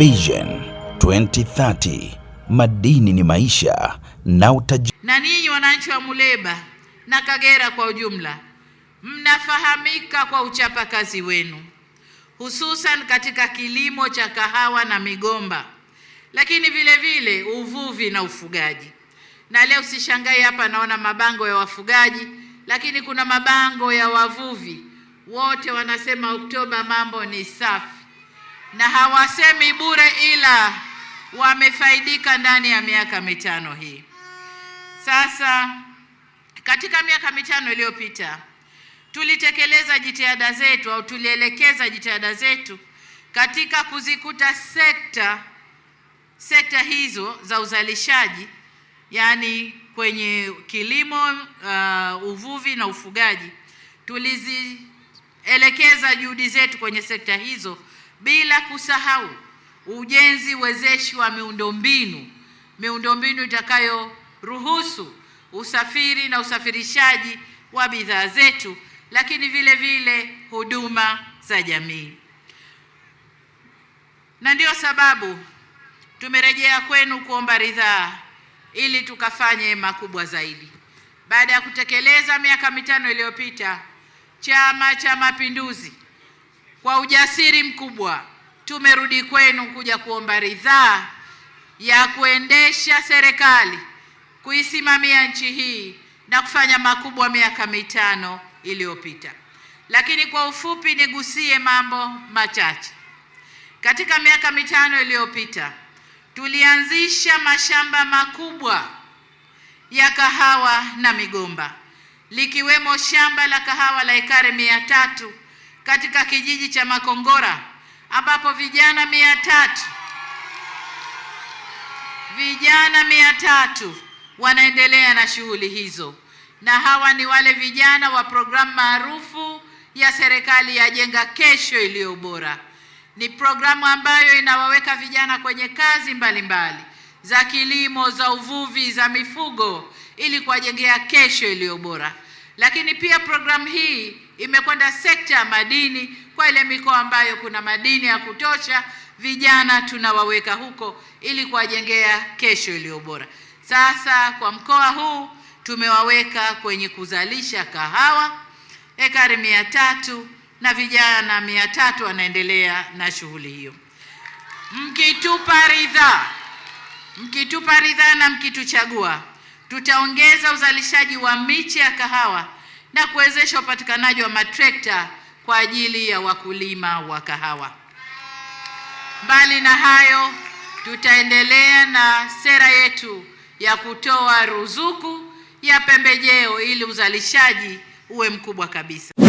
Vision 2030 madini ni maisha na utajiri. Na ninyi wananchi wa Muleba na Kagera kwa ujumla, mnafahamika kwa uchapakazi wenu, hususan katika kilimo cha kahawa na migomba, lakini vile vile uvuvi na ufugaji. Na leo sishangai, hapa naona mabango ya wafugaji, lakini kuna mabango ya wavuvi, wote wanasema Oktoba mambo ni safi na hawasemi bure, ila wamefaidika ndani ya miaka mitano hii. Sasa katika miaka mitano iliyopita tulitekeleza jitihada zetu au tulielekeza jitihada zetu katika kuzikuta sekta sekta hizo za uzalishaji, yaani kwenye kilimo, uh, uvuvi na ufugaji. Tulizielekeza juhudi zetu kwenye sekta hizo bila kusahau ujenzi wezeshi wa miundombinu, miundombinu itakayoruhusu usafiri na usafirishaji wa bidhaa zetu, lakini vile vile huduma za jamii. Na ndiyo sababu tumerejea kwenu kuomba ridhaa ili tukafanye makubwa zaidi. Baada ya kutekeleza miaka mitano iliyopita, Chama cha Mapinduzi kwa ujasiri mkubwa tumerudi kwenu kuja kuomba ridhaa ya kuendesha serikali, kuisimamia nchi hii na kufanya makubwa miaka mitano iliyopita. Lakini kwa ufupi nigusie mambo machache. Katika miaka mitano iliyopita tulianzisha mashamba makubwa ya kahawa na migomba likiwemo shamba la kahawa la ekari mia tatu katika kijiji cha Makongora ambapo vijana mia tatu vijana mia tatu wanaendelea na shughuli hizo, na hawa ni wale vijana wa programu maarufu ya serikali ya Jenga Kesho iliyo Bora. Ni programu ambayo inawaweka vijana kwenye kazi mbalimbali mbali, za kilimo, za uvuvi, za mifugo ili kuwajengea kesho iliyo bora. Lakini pia programu hii imekwenda sekta ya madini kwa ile mikoa ambayo kuna madini ya kutosha, vijana tunawaweka huko ili kuwajengea kesho iliyo bora. Sasa kwa mkoa huu tumewaweka kwenye kuzalisha kahawa ekari mia tatu na vijana mia tatu wanaendelea na shughuli hiyo. Mkitupa ridhaa, mkitupa ridhaa na mkituchagua tutaongeza uzalishaji wa miche ya kahawa na kuwezesha upatikanaji wa matrekta kwa ajili ya wakulima wa kahawa. Mbali na hayo, tutaendelea na sera yetu ya kutoa ruzuku ya pembejeo ili uzalishaji uwe mkubwa kabisa.